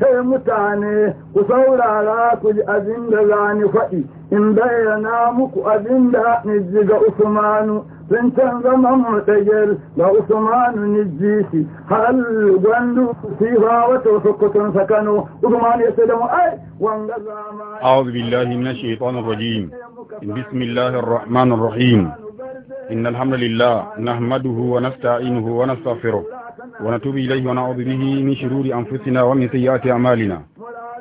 kai mutane ku saurara ku ji abin da za ni faɗi in bayyana muku abin da ji ga usmanu sun can zama mutajer ga usmanu niji shi hal gwandu sifa wata sukutun sakano usmanu ya sadamu ai wanga zama a'udhu billahi minash shaitanir rajim bismillahir rahmanir rahim إن الحمد لله نحمده ونستعينه ونستغفره ونتوب إليه ونعوذ به من شرور أنفسنا ومن سيئات أعمالنا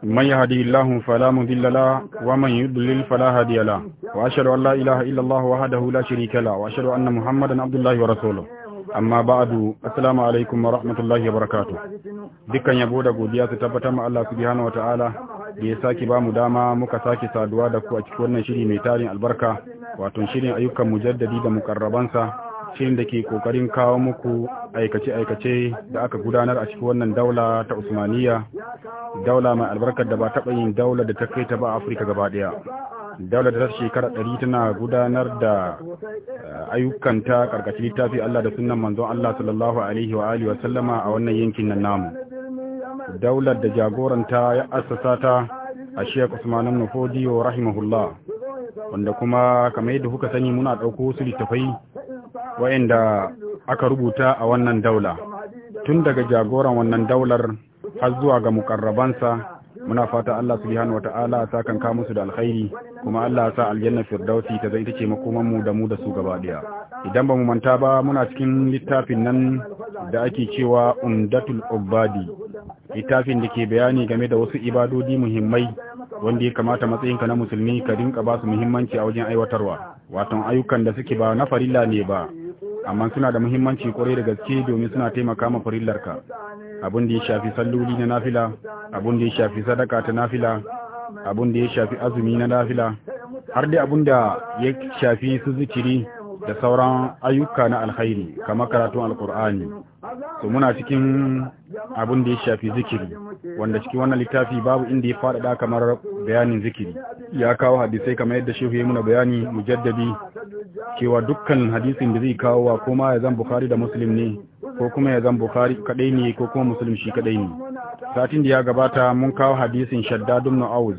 من يهدي الله فلا مضل له ومن يضلل فلا هادي له وأشهد أن لا إله إلا الله وحده لا شريك له وأشهد أن محمدا عبد الله ورسوله amma ba'adu assalamu alaikum wa rahmatullahi wa barakatuh dukkan yabo da godiya su tabbatar ma Allah subhanahu wa ta'ala da ya saki ba mu dama muka saki saduwa da ku a cikin wannan shiri mai tarin albarka wato shirin ayyukan mujaddadi da mukarrabansa shirin da ke kokarin kawo muku aikace-aikace da aka gudanar a cikin wannan daula ta Usmaniya, daula mai albarkar da ba taɓa yin daula da ta kai ta ba Afirka gaba ɗaya. da ta shekara ɗari tana gudanar da eh, ayyukanta ƙarƙashin littafi Allah da sunan manzon Allah sallallahu alaihi wa alihi wa sallama a wannan yankin nan namu. Daular da jagoranta ya assasa ta a Sheikh Usman ibn rahimahullah wanda kuma kamar yadda kuka sani muna ɗauko wasu littafai wa'inda aka rubuta a wannan daula tun daga jagoran wannan daular har zuwa ga mukarrabansa muna fata Allah subhanahu ta'ala ya sakan ka musu da alkhairi kuma Allah ya sa aljanna firdausi ta zai take makoman mu da mu da su gaba daya idan ba mu manta ba muna cikin littafin nan da ake cewa umdatul ubadi littafin da ke bayani game da wasu ibadodi muhimmai wanda ya kamata matsayinka na musulmi ka dinka ba su muhimmanci a wajen aiwatarwa waton ayyukan da suke ba na farilla ne ba amma suna da muhimmanci kwarai da gaske domin suna taimaka ma farillarka abin da ya shafi salloli na nafila abin da ya shafi sadaka ta nafila abin da ya shafi azumi na nafila har dai abin da ya shafi su zikiri da sauran ayyuka na alkhairi kamar karatun alkur'ani to muna cikin abin da ya shafi zikiri wanda cikin wannan littafi babu inda ya faɗaɗa kamar bayanin zikiri ya kawo hadisai kamar yadda shehu ya muna bayani mujaddadi cewa dukkan hadisin da zai kawo wa kuma ya zan bukari da muslim ne ko kuma ya zan bukari kadai ne ko kuma muslim shi kadai ne satin da ya gabata mun kawo hadisin shaddadun na auz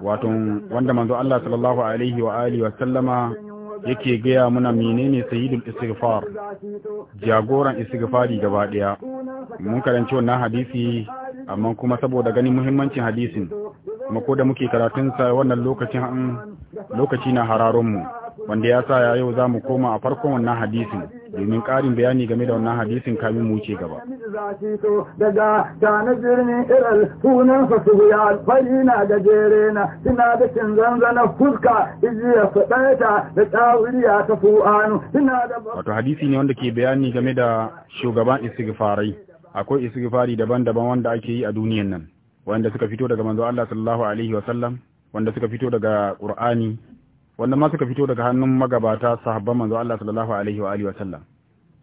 wato wanda manzo Allah sallallahu alaihi wa alihi wa sallama yake gaya muna menene sayyidul istighfar jagoran istighfari gaba daya mun karanci wannan hadisi amma kuma saboda ganin muhimmancin hadisin kuma ko da muke karatun sa wannan lokacin lokaci na hararon mu wanda ya sa yau za mu koma a farkon wannan hadisin domin ƙarin bayani game da wannan hadisin kamin mu ce gaba. Daga iral su ya gajere na suna da fuska ijiya su Wato hadisi ne wanda ke bayani game da shugaban istighfarai. Akwai istighfari daban-daban wanda ake yi a duniyan nan. Wanda suka fito daga manzo Allah sallallahu alaihi wa wanda suka fito daga ƙur'ani. Wannan ma suka fito daga hannun magabata sahabban manzo Allah sallallahu alaihi wa alihi wa sallam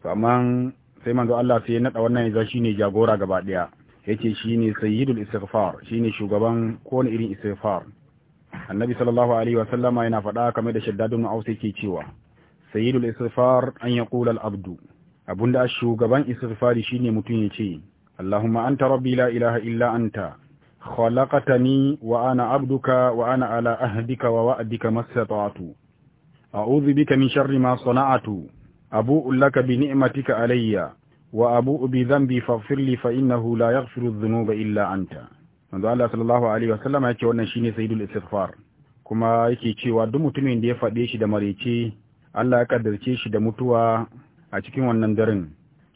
to amma sai manzo Allah sai ya nada wannan shi shine jagora gaba daya yace shine sayyidul istighfar shine shugaban kowane irin istighfar annabi sallallahu alaihi wa sallama yana faɗa kamar da shaddadun aus yake cewa sayyidul istighfar an yaqula al abdu abunda shugaban istighfari shine mutun ce allahumma anta rabbi la ilaha illa anta خلقتني وأنا عبدك وأنا على أهدك ووعدك ما استطعت أعوذ بك من شر ما صنعت أبوء لك بنعمتك علي وأبوء بذنبي فاغفر لي فإنه لا يغفر الذنوب إلا أنت manzo Allah sallallahu alaihi wasallam yake wannan shine sayyidul istighfar kuma yake cewa duk mutumin da ya faɗe shi da marece Allah ya kaddarce shi da mutuwa a cikin wannan darin,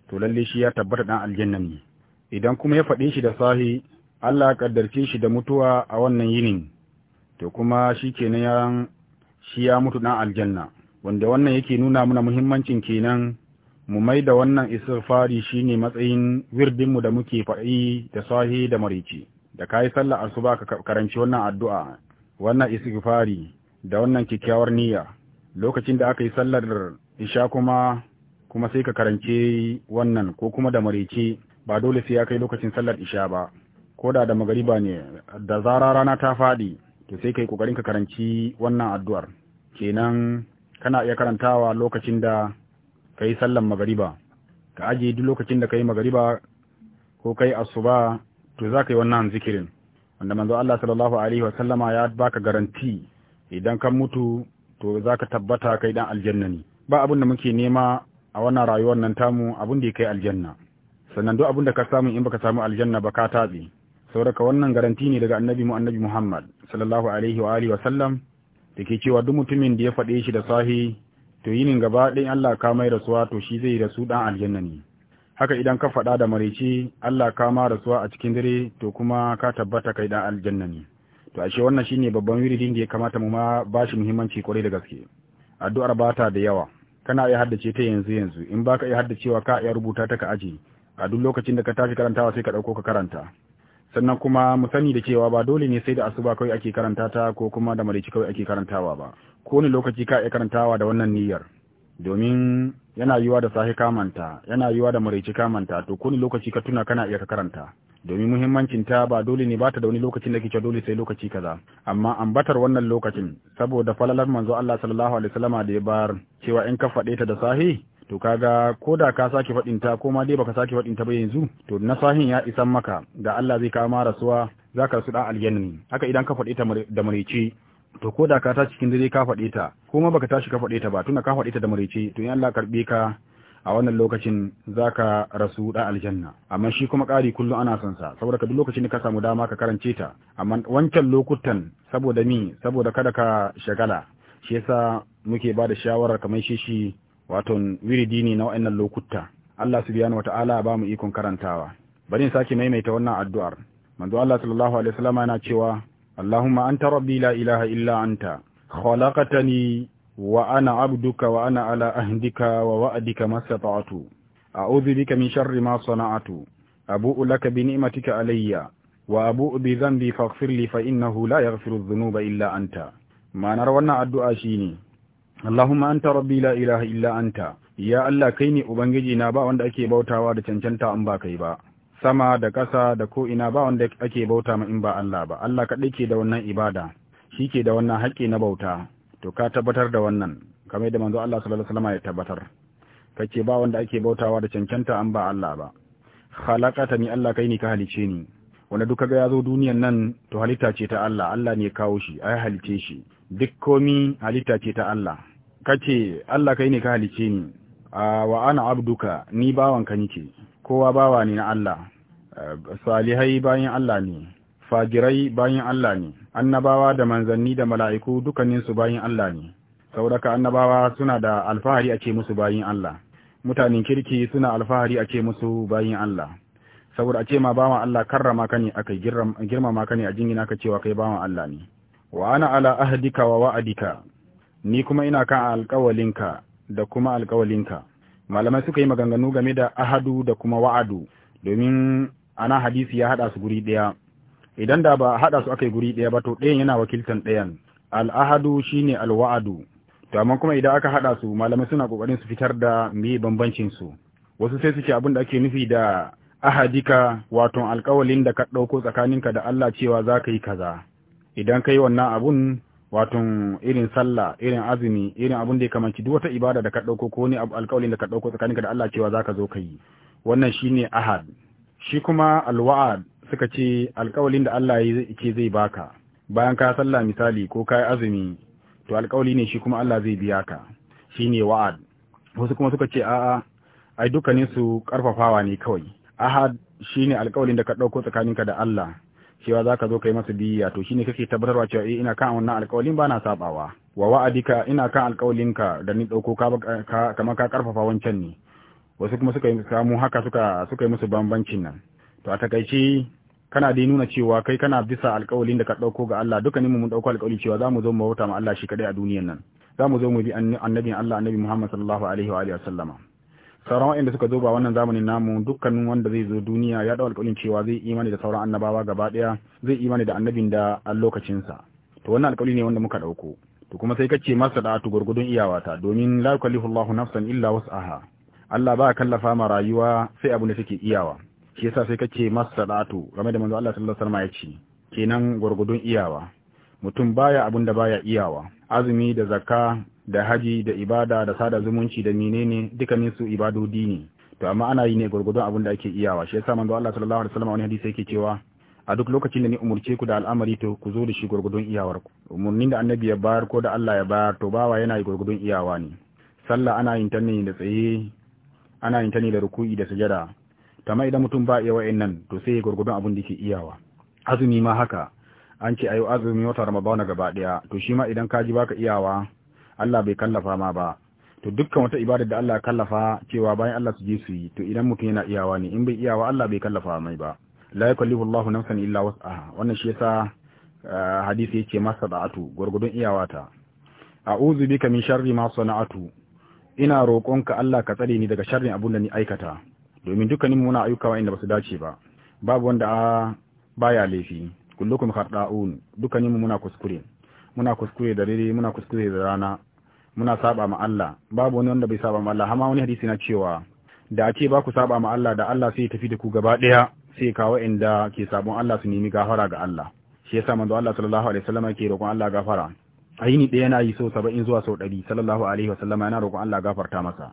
to lallai shi ya tabbatar dan aljannani. idan kuma ya faɗe shi da sahi Allah shi da mutuwa a wannan yinin to kuma shi kenan shi ya mutu na aljanna wanda wannan yake nuna muna muhimmancin kenan mu mai da wannan istighfari ne matsayin wirdinmu da muke faɗi da sahi da marici da yi sallah asuba ka karanci wannan addu'a wannan istighfari da wannan kyakkyawar niyya lokacin da aka yi sallar isha kuma kuma sai ka karance wannan ko kuma da marici ba dole sai ya kai lokacin sallar isha ba ko da da magariba ne da zara rana ta faɗi to sai kai kokarin ka karanci wannan addu'ar kenan kana iya karantawa lokacin da kai sallan magariba ka aje duk lokacin da kai magariba ko kai asuba to za ka yi wannan zikirin wanda manzo Allah sallallahu alaihi wa sallama ya baka garanti idan ka mutu to za ka tabbata kai dan aljanna ne ba abin da muke nema a wannan rayuwar nan tamu abin da ya kai aljanna sannan duk abin da ka samu in baka samu aljanna ba ka tabe sauraka wannan garanti ne daga annabi mu annabi Muhammad sallallahu alaihi wa alihi wa sallam dake cewa duk mutumin da ya fade shi da sahi to yinin gaba ɗin Allah ka mai rasuwa to shi zai rasu dan aljanna ne haka idan ka faɗa da maraice Allah ka ma rasuwa a cikin dare to kuma ka tabbata kai dan aljanna ne to ashe wannan shine babban wiridin da ya kamata mu ma shi muhimmanci kwarai da gaske addu'ar bata da yawa kana iya haddace ta yanzu yanzu in baka iya haddacewa ka iya rubuta ta ka aje a duk lokacin da ka tafi karantawa sai ka ɗauko ka karanta sannan kuma mu sani da cewa ba dole ne sai da asuba kawai ake karanta ta ko kuma da marici kawai ake karantawa ba ko ne lokaci ka iya karantawa da wannan niyyar domin yana yiwa da sahi kamanta yana yiwa da marici kamanta to ko ne lokaci ka tuna kana iya karanta domin muhimmancin ta ba dole ne bata da wani lokacin da kike dole sai lokaci kaza amma ambatar wannan lokacin saboda falalar manzo Allah sallallahu alaihi wasallama da ya bar cewa in ka faɗe ta da sahi to kaga ko da ka sake faɗin ko ma dai baka sake faɗin ta ba yanzu to na sahin ya isan maka da Allah zai kawo ma rasuwa zaka rasu dan aljanna haka idan ka faɗe ta da marece to ko da ka tashi cikin dare ka faɗe ta ko ma baka tashi ka faɗe ta ba tunda ka faɗe ta da marece to in Allah karbe ka a wannan lokacin zaka rasu da aljanna amma shi kuma ƙari kullum ana son sa saboda ka duk lokacin da ka samu dama ka karance ta amma wancan lokutan saboda mi saboda kada ka shagala shi yasa muke bada da shawara kamar shi shi wato wiridi ne na wa'annan lokuta Allah subhanahu wata'ala ba mu ikon karantawa bari in sake maimaita wannan addu'ar manzo Allah sallallahu alaihi wasallam yana cewa Allahumma anta rabbi la ilaha illa anta khalaqtani wa ana abduka wa ana ala ahdika wa wa'dika mastata'tu a'udhu bika min sharri ma sana'tu abu'u laka bi ni'matika alayya wa abu'u bi dhanbi faghfir li fa innahu la yaghfiru dhunuba illa anta ma'anar wannan addu'a shine Allahumma anta rabbi la ilaha illa anta ya Allah kai ne ubangiji na ba wanda ake bautawa da cancanta an ba kai ba sama da ƙasa da ko ina ba wanda ake bauta ma in ba Allah ba Allah kaɗai ke da wannan ibada shi ke da wannan haƙƙi na bauta to ka tabbatar da wannan kamar da manzo Allah sallallahu alaihi wasallam ya tabbatar kace ba wanda ake bautawa da cancanta an ba Allah ba khalaqatani Allah kai ne ka halice ni wanda duka ga yazo duniyan nan to halitta ce ta Allah Allah ne ya kawo shi ai halice shi duk komi halitta ce ta Allah kace Allah kai ne ka halice ni wa ana abduka ni bawanka nike kowa bawa ne na Allah salihai bayan Allah ne fajirai bayan Allah ne annabawa da manzanni da mala'iku dukkaninsu bayan Allah ne saboda annabawa suna da alfahari ake musu bayin Allah mutanen kirki suna alfahari ake musu bayin Allah saboda ake ma bawan Allah karrama ka ne aka girma ka ne a jingina ka cewa kai bawan Allah ne wa ana ala ahdika wa wa'adika ni kuma ina kan alkawalinka da kuma alkawalinka malamai suka yi maganganu game da ahadu da kuma wa'adu domin ana hadisi ya haɗa su guri ɗaya idan da ba haɗa su aka yi guri ɗaya ba to ɗayan yana wakiltan ɗayan al'ahadu shine alwa'adu to amma kuma idan aka haɗa su malamai suna ƙoƙarin su fitar da me bambancin su wasu sai suke ce abin da ake nufi da ahadika wato alƙawalin da ka ɗauko tsakaninka da Allah cewa za ka yi kaza idan ka yi wannan abun Waton irin sallah irin azumi irin abin da ya kamanci duk wata ibada da ka dauko ko ne alƙawalin da ka ɗauko tsakaninka da Allah cewa zaka zo ka yi wannan shine ahad shi kuma alwa'ad suka ce alƙawalin da Allah ya ce zai baka bayan ka sallah misali ko ka azumi to alƙawali ne shi kuma Allah zai biya ka shine wa'ad wasu kuma suka ce a'a ai dukkanin su karfafawa ne kawai ahad shine alƙawalin da ka ɗauko tsakaninka da Allah cewa za ka zo ka yi masa biyya to shine kake tabbatarwa cewa eh ina kan wannan alƙawalin na sabawa wa wa'adika ina kan alƙawalinka da ni dauko ka kamar ka karfafa wancan ne wasu kuma suka yi samu haka suka suka yi musu bambancin nan to a takaice kana dai nuna cewa kai kana bisa alƙawalin da ka dauko ga Allah dukkanin mu mun dauko alƙawali cewa za mu zo mu bauta ma Allah shi kadai a duniyar nan Za mu zo mu bi annabin Allah annabi Muhammad sallallahu alaihi wa alihi wa sallama sauran wa'inda suka zo ba wannan zamanin namu dukkanin wanda zai zo duniya ya dawo alƙalin cewa zai imani da sauran annabawa gaba ɗaya zai imani da annabin da a lokacinsa to wannan alƙali ne wanda muka ɗauko to kuma sai kace masa da tu gurgudun iyawata domin la yukallifu Allahu nafsan illa wus'aha Allah ba kallafa ma rayuwa sai abin da suke iyawa shi yasa sai kace masa da tu game da manzo Allah sallallahu alaihi wasallam ya ce kenan gurgudun iyawa mutum baya abun da baya iyawa azumi da zakka da haji da ibada da sada zumunci da menene dukkanin su ibadodi ne to amma ana yi ne gurgudun abin da ake iyawa shi yasa manzo Allah sallallahu alaihi wasallam wani hadisi yake cewa a duk lokacin da ni umurce ku da al'amari to ku zo da shi gurgudun iyawar ku umurnin da annabi ya bayar ko da Allah ya bayar to bawa yana yi gurgudun iyawa ne sallah ana yin ta ne da tsaye ana yin ta ne da ruku'i da sujada tamma idan mutum ba iya wa'annan to sai ya gurgudun abin da yake iyawa azumi ma haka an ce ayo azumi wata ramadana gaba daya to shi ma idan ka ji baka iyawa Allah bai kallafa ma ba to dukkan wata ibadar da Allah ya kallafa cewa bayan Allah su je su yi to idan mutum yana iyawa ne in bai iyawa Allah bai kallafa mai ba la yukallifu Allahu nafsan illa wus'aha wannan shi yasa eh, hadisi yace masada'atu gurgudun iyawata a'udhu bika min sharri ma sana'atu ina roƙonka Allah ka tsare ni daga sharrin abun da ni aikata domin dukkanin muna ayyuka inda ba su dace ba babu wanda a baya laifi kullukum khata'un dukkanin mu muna kuskure muna kuskure da dare muna kuskure da rana muna saba ma Allah babu wani wanda bai saba ma Allah hama wani hadisi na cewa da a ce ba ku saba ma Allah da Allah sai ya tafi da ku gaba daya sai kawo inda ke sabon Allah su nemi gafara ga Allah shi yasa manzo Allah sallallahu alaihi wasallam ke roƙon Allah gafara aini ɗaya yana yi so saba'in zuwa sau ɗari sallallahu alaihi wasallam yana roƙon Allah gafarta masa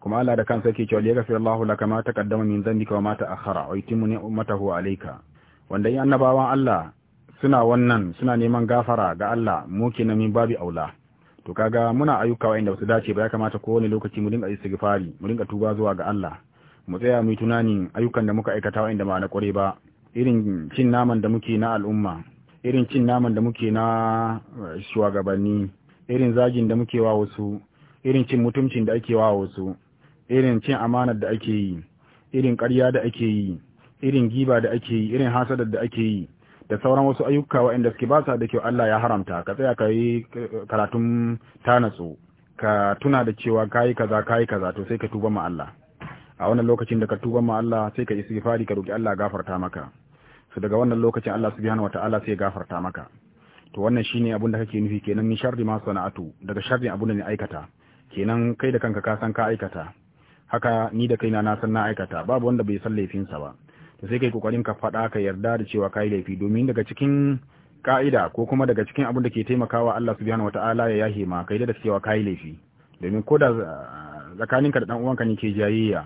kuma Allah da kansa yake cewa ya gafira Allah laka ma taqaddama min dhanbika wa ma ta'akhkhara wa yutimmu ni'matahu alayka wanda in annabawan Allah suna wannan suna neman gafara ga Allah mu kenan min babi aula to kaga muna ayyuka wa'anda ba su dace ba ya kamata kowane lokaci mu dinga istighfari mu dinga tuba zuwa ga Allah mu tsaya mu yi tunanin ayyukan da muka aikata wa inda ba na kware ba irin cin naman da muke na al'umma irin cin naman da muke na eh, shugabanni irin zagin da muke wa wasu irin cin mutuncin da ake wa wasu irin cin amanar da ake yi irin ƙarya da ake yi irin giba da ake yi irin hasadar da ake yi da sauran wasu ayyuka waɗanda suke ba da kyau Allah ya haramta ka tsaya ka yi karatun tanatsu ka tuna da cewa ka yi kaza ka yi kaza to sai ka tuba ma Allah a wannan lokacin da ka tuba ma Allah sai ka istighfari ka roki Allah gafarta maka su daga wannan lokacin Allah subhanahu wataala sai gafarta maka to wannan shine abin da kake nufi kenan ni sharri ma sana'atu daga sharri abin da ni aikata kenan kai da kanka ka san ka aikata haka ni da kaina na san na aikata babu wanda bai san laifinsa ba da sai kai kokarin ka faɗa ka yarda da cewa kai laifi domin daga cikin ka'ida ko kuma daga cikin abin da ke taimakawa Allah subhanahu wataala ya yahe ma kai da cewa kai laifi domin ko da ah, ka da dan uwanka ne ke jayayya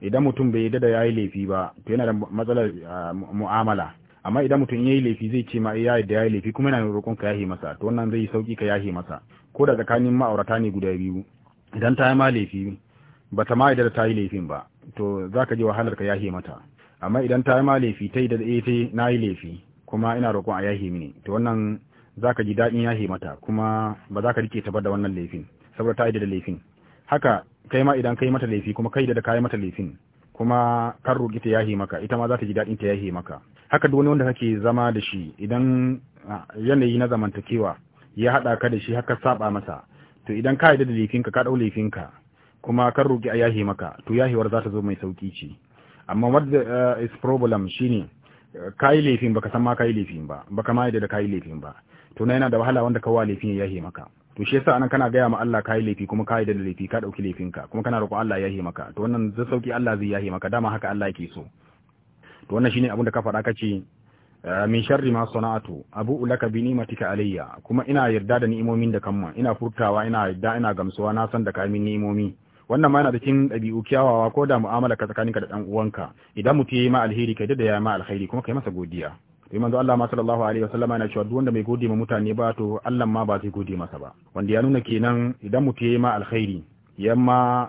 idan mutum bai yarda da yayi laifi ba to yana da matsalar ah, mu'amala amma idan mutum yayi laifi zai ce ma eh, ya yarda yayi laifi kuma yana roƙon ka yahe masa to wannan zai sauki ka yahe masa ko da tsakanin ma'aurata ne guda biyu idan ta yi ma laifi ba ta ma yarda da ta yi laifin ba to zaka ka je wahalar ka yahe mata amma idan ta yi ma laifi ta yi da ita eh, na yi laifi kuma ina roƙon a yahi mini to wannan za ka ji daɗin yahi mata kuma ba za ka rike ta ba da wannan laifin saboda ta yi da laifin haka kai ma idan kai mata laifi kuma kai da ka yi mata laifin kuma kan roƙi ta yahi maka ita ma za ta ji daɗin ta yahi maka haka duk wani wanda kake zama da shi idan ah, yanayi na zamantakewa ya haɗa ka da shi haka saɓa masa to idan ka yi da laifinka ka ɗau laifinka kuma kan roƙi a yahi maka to yahewar za ta zo mai sauƙi ce amma wadda uh, is problem shine uh, kai laifin baka san ma kai laifin ba baka ma yadda da kai laifin ba to yana da wahala wanda kawai laifin ya yahe maka to shi yasa anan kana gaya ma Allah kai laifi kuma kai da laifi ka dauki laifin ka kuma kana roƙon Allah ya yahe maka to wannan zai sauki Allah zai yahe maka dama haka Allah yake so to wannan shine abin da ka faɗa kace uh, min sharri ma sana'atu abu laka bi ni'matika alayya kuma ina yarda da ni'imomin da kamma ina furtawa ina yarda ina gamsuwa na san da kai min ni'imomi wannan ma yana da cikin ɗabi'u kyawawa ko da mu'amala ka tsakaninka da ɗan uwanka idan mutum yayi ma alheri kai da ya ma alheri kuma kai masa godiya to manzo Allah ma sallallahu alaihi wasallam yana cewa duk wanda bai gode ma mutane ba to Allah ma ba zai gode masa ba wanda ya nuna kenan idan mutum yayi ma alheri yamma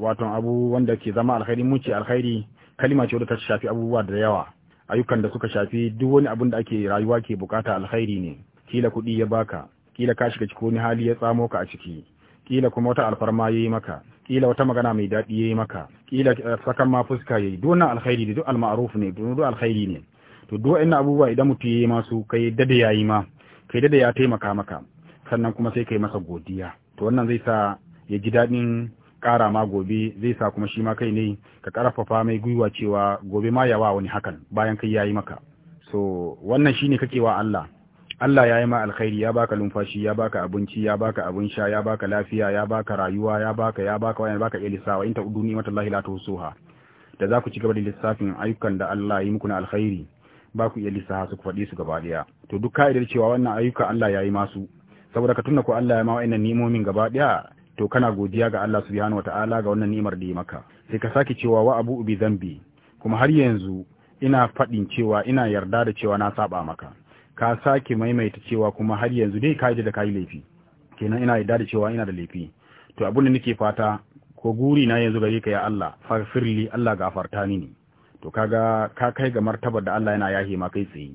wato abu wanda ke zama alheri mun ce alheri kalima ce wadda ta shafi abubuwa da yawa ayyukan da suka shafi duk wani abin da ake rayuwa ke bukata alkhairi ne kila kuɗi ya baka kila ka shiga cikin wani hali ya tsamo ka a ciki kila kuma wata alfarma yayi maka kila wata magana mai daɗi ya yi maka kila eh, sakan ma fuska yayi duk wannan alkhairi ne duk almaruf ne duk alkhairi ne to duk wa'annan abubuwa idan mutum yi masu kai dada yi ma kai dada ya taimaka maka sannan kuma sai kai masa godiya to wannan zai sa ya ji daɗin ƙara ma gobe zai sa kuma shi ma kai ne ka ƙarfafa mai gwiwa cewa gobe ma ya wa wani hakan bayan kai ya yi maka so wannan shine kake wa Allah Allah ya yi ma alkhairi ya baka lumfashi ya baka abinci ya baka abin sha ya baka lafiya ya baka rayuwa ya baka ya baka wani baka ilisawa in ta uduni mata Allah la husuha da za ku ci gaba da lissafin ayyukan da Allah ya yi muku na alkhairi ba ku iya lissafa su ku faɗi su gaba daya to duk ka'idar cewa wannan ayyuka Allah ya yi masu saboda ka tunna ko Allah ya ma wa'annan ni'imomin gaba daya to kana godiya ga Allah subhanahu wata'ala ga wannan ni'imar da ya maka sai ka sake cewa wa abu bi zambi kuma har yanzu ina faɗin cewa ina yarda da cewa na saba maka ka sake maimaita cewa kuma har yanzu dai ka da ka laifi kenan ina yadda da cewa ina da laifi to abin da nake fata ko guri na yanzu gare ka ya Allah farfirli Allah gafarta mini to kaga ka kai ga martabar da Allah yana yahe ma kai tsaye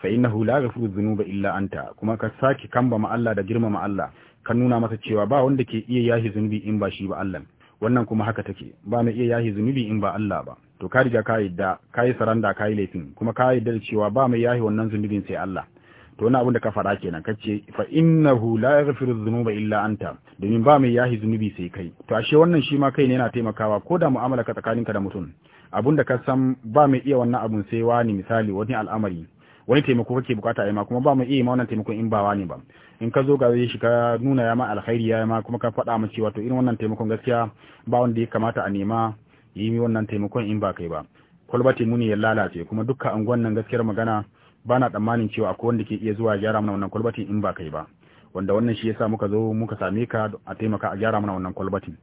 fa innahu la ghafuru dhunuba illa anta kuma ka saki kamba ma Allah da girmama Allah ka nuna masa cewa ba wanda ke iya yahe zunubi in ba shi ba Allah wannan kuma haka take ba mai iya yahe zunubi in ba Allah ba to ka riga ka yadda ka yi saranda ka yi laifin kuma ka yadda da cewa ba mai yahi wannan zunubin sai Allah to wani abun da ka faɗa kenan ka ce fa innahu la yaghfiru dhunuba illa anta domin ba mai yahi zunubi sai kai to ashe wannan shi ma kai ne yana taimakawa ko da mu'amala ka tsakaninka da mutum abun da ka san ba mai iya wannan abun sai wani misali wani al'amari wani taimako kake bukata ya ma kuma ba mai iya ma wannan taimakon in ba wani ba in ka zo ga shi ka nuna ya ma alkhairi ya ma kuma ka faɗa ma cewa to irin wannan taimakon gaskiya ba wanda ya kamata a nema yi wannan taimakon in ba kai ba kwalbati muni ya lalace kuma dukka anguwan nan gaskiyar magana ba na tsammanin cewa akwai wanda ke iya zuwa gyara mana wannan kwalbatin in ba kai ba wanda wannan shi yasa muka zo muka same ka a taimaka a gyara mana wannan kwalbatin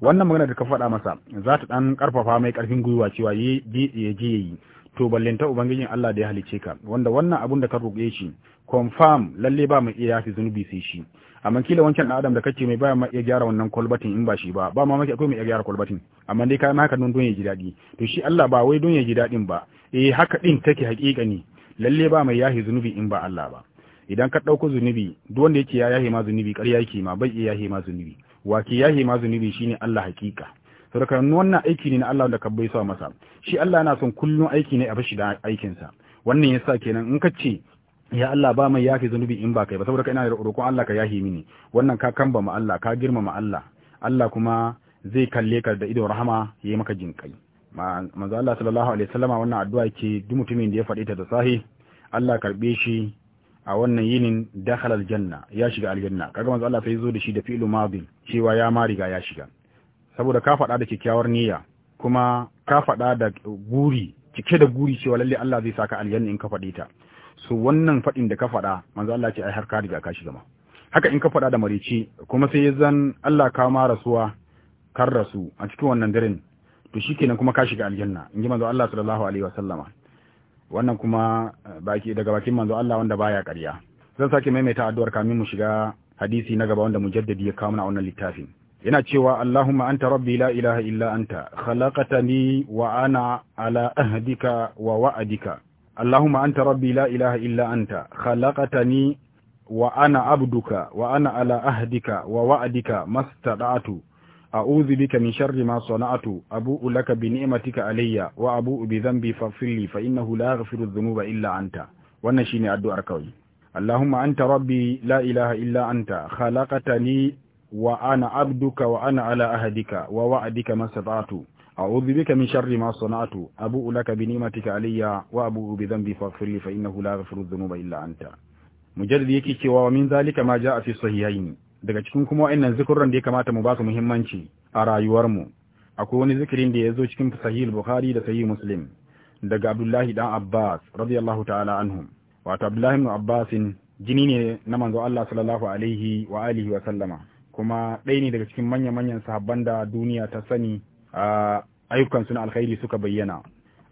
wannan magana da ka faɗa masa za ta ɗan ƙarfafa mai ƙarfin gwiwa cewa ya je ya yi to ballinta ubangijin Allah da ya halice ka wanda wannan abun da ka roƙe shi confirm lalle ba mu iya yafi zunubi sai shi amma kila wancan dan adam da kace mai baya ma iya gyara wannan kwalbatin in ba shi ba ba ma maki akwai mai iya gyara kwalbatin amma dai kai ma haka don don ya ji dadi to shi Allah ba wai don ya ji dadin ba eh haka din take ne lalle ba mai yafi zunubi in ba Allah ba idan ka dauko zunubi duk wanda yake ya yafi ma zunubi ƙarya yake ma bai iya yafi ma zunubi wa ke yafi ma zunubi shine Allah hakika saboda wannan aiki ne na Allah da kabbai sa masa shi Allah yana son kullun aiki ne a bashi da aikinsa sa wannan yasa kenan in ka ce ya Allah ba mai yafi zanubi in ba kai ba saboda ina da roƙon Allah ka yahi mini wannan ka kamba ma Allah ka girmama Allah Allah kuma zai kalle ka da idon rahama yayi maka jin kai manzo Allah sallallahu alaihi wasallama wannan addu'a ce duk mutumin da ya faɗi ta da sahi Allah karbe shi a wannan yinin dakhala aljanna ya shiga aljanna kaga manzo Allah sai zo da shi da fi'lu madin cewa ya ma riga ya shiga saboda ka faɗa da kyakkyawar niyya kuma ka faɗa da guri cike da guri cewa lalle Allah zai saka aljanna in ka faɗe ta so wannan faɗin da ka faɗa manzo Allah ce ai har ka riga ka shiga ma haka in ka faɗa da marici kuma sai zan Allah ka ma rasuwa kar rasu a cikin wannan daren to shikenan kuma ka shiga aljanna in ji manzo Allah sallallahu alaihi wasallama wannan kuma eh, baki daga bakin manzo Allah wanda baya ƙarya zan sake maimaita addu'ar kamin mu shiga hadisi na gaba wanda mujaddadi ya kawo mana wannan littafin yana cewa Allahumma anta rabbi la ilaha illa anta khalaqtani wa ana ala ahdika wa wa'dika Allahumma anta rabbi la ilaha illa anta khalaqtani wa ana abduka wa ana ala ahdika wa wa'dika mastada'tu a'udhu bika min sharri ma sana'tu abu'u laka bi ni'matika alayya wa abu'u bi dhanbi faghfirli fa innahu la yaghfiru dhunuba illa anta wannan shine addu'ar kawai Allahumma anta rabbi la ilaha illa anta khalaqtani وأنا عبدك وأنا على أهدك ووعدك ما استطعت أعوذ بك من شر ما صنعت أبوء لك بنيمتك علي وأبوء بذنبي فاغفر لي فإنه لا يغفر الذنوب إلا أنت مجرد yake cewa min zalika ma jaa fi sahihayn daga cikin kuma wayannan zikurran da ya kamata mu ba su muhimmanci a rayuwar mu akwai wani zikirin da ya zo cikin sahih bukhari da sahih muslim daga abdullahi dan abbas radiyallahu ta'ala anhum wato abdullahi ibn abbas jini ne na manzo Allah sallallahu alaihi wa alihi wa sallama kuma ɗaya ne daga cikin manya-manyan sahabban da duniya ta sani a ayyukansu na alkhairi suka bayyana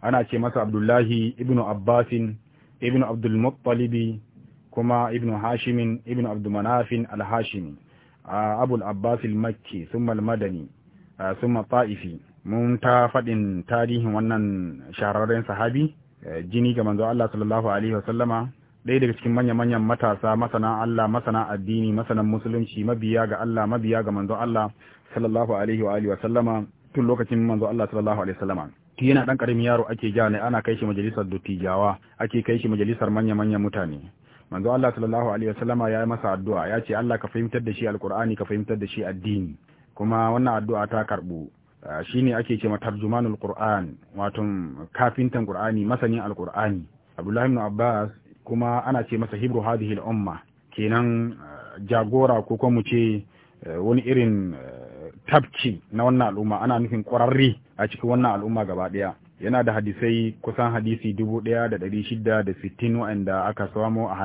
ana ce masa abdullahi ibn abbasin ibn abdulmuttalibi kuma ibn hashimin ibn abdulmanafin alhashimi abul abbas makki sun madani summa ta'ifi mun ta faɗin tarihin wannan shahararren sahabi eh, jini ga manzo Allah sallallahu alaihi wasallama ɗaya daga cikin manya-manyan matasa masana Allah masana addini masanan musulunci mabiya ga Allah mabiya ga manzo Allah sallallahu alaihi wa alihi wa sallama tun lokacin manzo Allah sallallahu alaihi wa sallama yana dan karamin yaro ake ja ne ana kai shi majalisar dutijawa ake kai shi majalisar manya-manyan mutane manzo Allah sallallahu alaihi wa sallama ya yi masa addu'a ya ce Allah ka fahimtar da shi alqur'ani ka fahimtar da shi addini kuma wannan addu'a ta karbu shine ake cewa tarjumanul qur'an wato kafintan qur'ani masanin alqur'ani Abdullahi ibn Abbas kuma ana ce masa hibru hadhihi umma kenan eh, jagora ko kuma mu ce eh, wani irin eh, tabci na wannan al'umma ana nufin ƙwararre a cikin wannan al'umma gaba ɗaya yana da hadisai kusan hadisi dubu ɗaya da ɗari shida da sittin waɗanda aka samo a